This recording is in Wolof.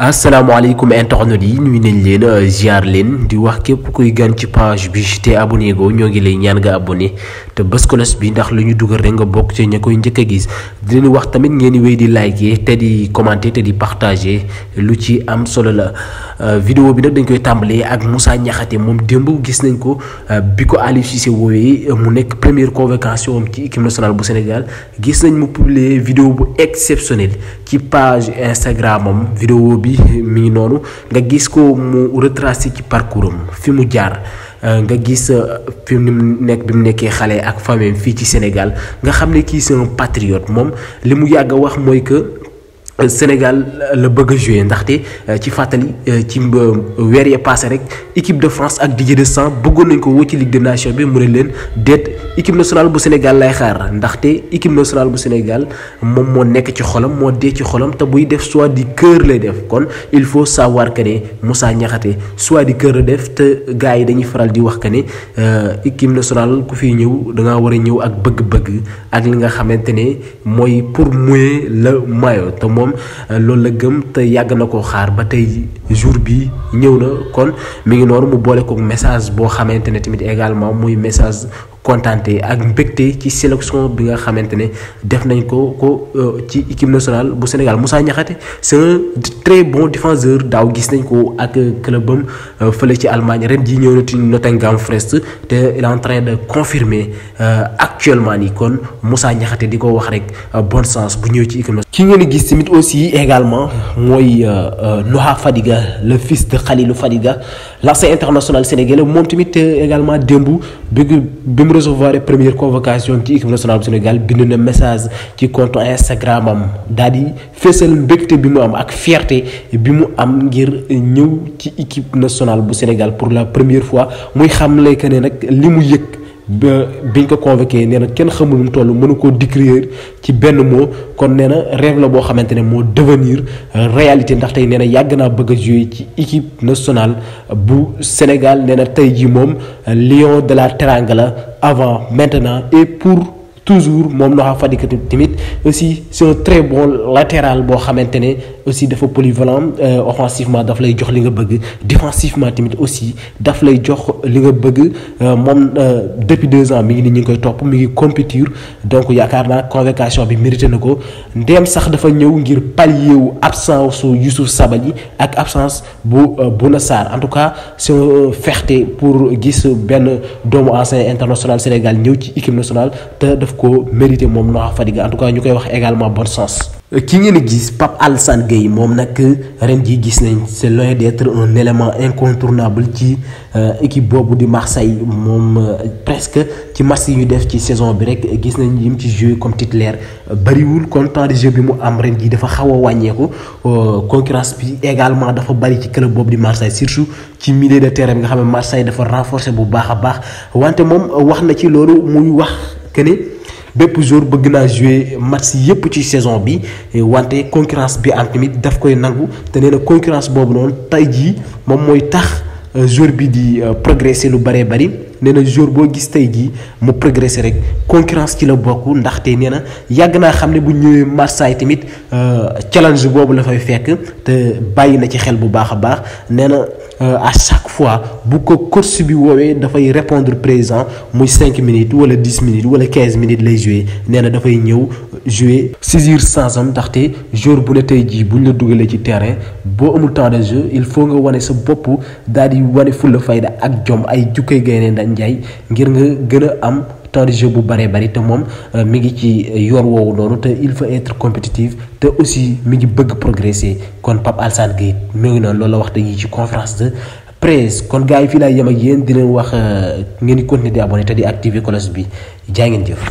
asalaamaaleykum internet yi ñu nañ leen euh, ziar leen di wax képp kuy gan ci page bi té abonné go ñoo ngi lay ñaan nga abonné té bës bi ndax lu ñu dugal rek nga bokk ci ña koy gis di leen wax tamit ngeen di wéy di liker té di commenter té di partager lu ci am solo la. Euh, vidéo bi nak dañ koy tambalé ak Moussa Niakhaté mom dembu gis nañ ko euh, biko ko Aliou Cissé woyé mu nekk première convocation am ci équipe nationale bu Sénégal gis nañ mu publier vidéo bu exceptionnelle ci page Instagram am vidéo bi. bi mi ngi noonu nga gis ko mu retracé ci parcours am fi mu jaar euh, nga gis euh, fi mu nekk bi mu nekkee xale ak famille fii ci Sénégal nga xam ne kii c'est un moom li mu yàgg wax mooy que. Sénégal le bug jouer joué ndaxte euh, ci fàttali euh, ci euh, weer passé rek équipe de France ak Didier Deschamps bëggoon nañ ko woo ci Ligue des Nations bi mu leen équipe nationale bu Sénégal lay xaar ndaxte équipe nationale bu Sénégal mon mo nekk ci xolam mo dee ci xolam te buy def soit di cœur lay def kon il faut savoir que né Moussa Niakhaté soit di cœur def te gaay yi dañuy faral di wax que né équipe nationale ku fi ñëw da nga wara a ñëw ak bëgg-bëgg ak li nga pour mouiller le maillot te moom euh, loolu la gëm te yàgg na koo xaar ba tey jour bi ñëw na kon mu ngi noonu mu boole ko message boo xamante ne tamit également muy message contenté ak mbecté ci sélection bi nga xamante def nañ ko ko euh, ci équipe nationale bu Sénégal Moussa Niakhaté c'est un très bon défenseur daw gis nañ ko ak clubum feulé ci Allemagne ren ji ñëw na ci Nottingham Forest té il est en train de confirmer euh, actuellement ni kon Moussa Niakhaté diko wax rek euh, bonne sens bu ñëw ci équipe nationale. ki ngeen gis aussi également moy noah Fadiga le fils de Khalilou Fadiga l'ancien international sénégalais moom tamit également démb bi recevoir première convocation de l'équipe nationale du Sénégal bind un message ci compte Instagram Dadi, daal di fésal fierté pour mu am ngir équipe nationale du Sénégal pour la première fois muy que biñ ko convoqué nee na kenn xamul lu toll mënu koo décrire ci benn mot kon nee na rêve la boo xamante ne moo devenir réalité ndax tey nee na yàgg naa bëgg a jouer ci équipe nationale bu Sénégal nee na tey jii moom lion de la Teranga la avant maintenant et pour toujours moom Noha Fadiga tamit aussi c'est un très bon latéral pour xamantene aussi aussi dafa polyvalent euh, offensivement daf lay jox li nga bëgg défensivement aussi daf lay jox li nga bëgg euh, euh, depuis deux ans mi ngi ni ngi koy top mi ngi compétir donc yaakaar naa convocation bi mérité nako ndem sax dafa ñëw ngir pallier wu absence su Youssouf Sabaly ak absence bu en tout cas c'est une fierté pour gis ben doomu ancien international Sénégal ñëw ci équipe nationale te ko mérité mom no Fadiga en tout cas ñukay wax également bon sens ki ngeen a gis pap alsan gay mom nak ren ji gis nañ c'est loin d'être un élément incontournable ci euh, équipe bobu di Marseille mom euh, presque ci match yi ñu def ci saison bi rek gis nañ yim ci jouer comme titulaire bari wul temps de jeu bi mu am ren ji dafa xaw a euh, concurrence bi également dafa bari ci club bobu di Marseille surtout ci milieu de terrain nga xamé Marseille dafa renforcer bu baaxa baax wante mom wax na ci lolu muy wax que ne bépp jour bëgg naa jouer match yépp ci saison bi wante concurrence bi am tamit daf koy nangu te nee na concurrence boobu noonu tey jii moom mooy tax euh, jour bi di euh, progresser lu bare nee na jour bo gis tey jii mu progressé rek concurrence ci la bokk ndaxte nee na yàgg naa xam bu ñëwé Marseille tamit euh challenge bobu la fay fekk te bayina ci xel bu baaxa baax nee euh, à chaque fois bu ko course bi wowe da fay répondre présent muy 5 minutes wala 10 minutes wala 15 minutes lay jouer nee da fay ñëw joué saisir sans am ndaxte jour bu ne tey jii buñ la dugalee ci terrain bo amul temps de jeu il faut nga wane sa bop daal di wane fulla fayda ak jom ay jukkay gaynde Ndiaye ngir nga gën am temps jeu bu bare bëri te mom euh, mi ngi ci yor woowu noonu te il faut être compétitif te aussi mi ngi bëgg progresser kon pap alsan Gueye mi ngi noonu loolu wax dañuy ci conférence de presse kon gaay fi la yema yem ak yéen di len wax euh, ngeen di continuer di abonné te di activer cloche bi jaa ngeen jëf.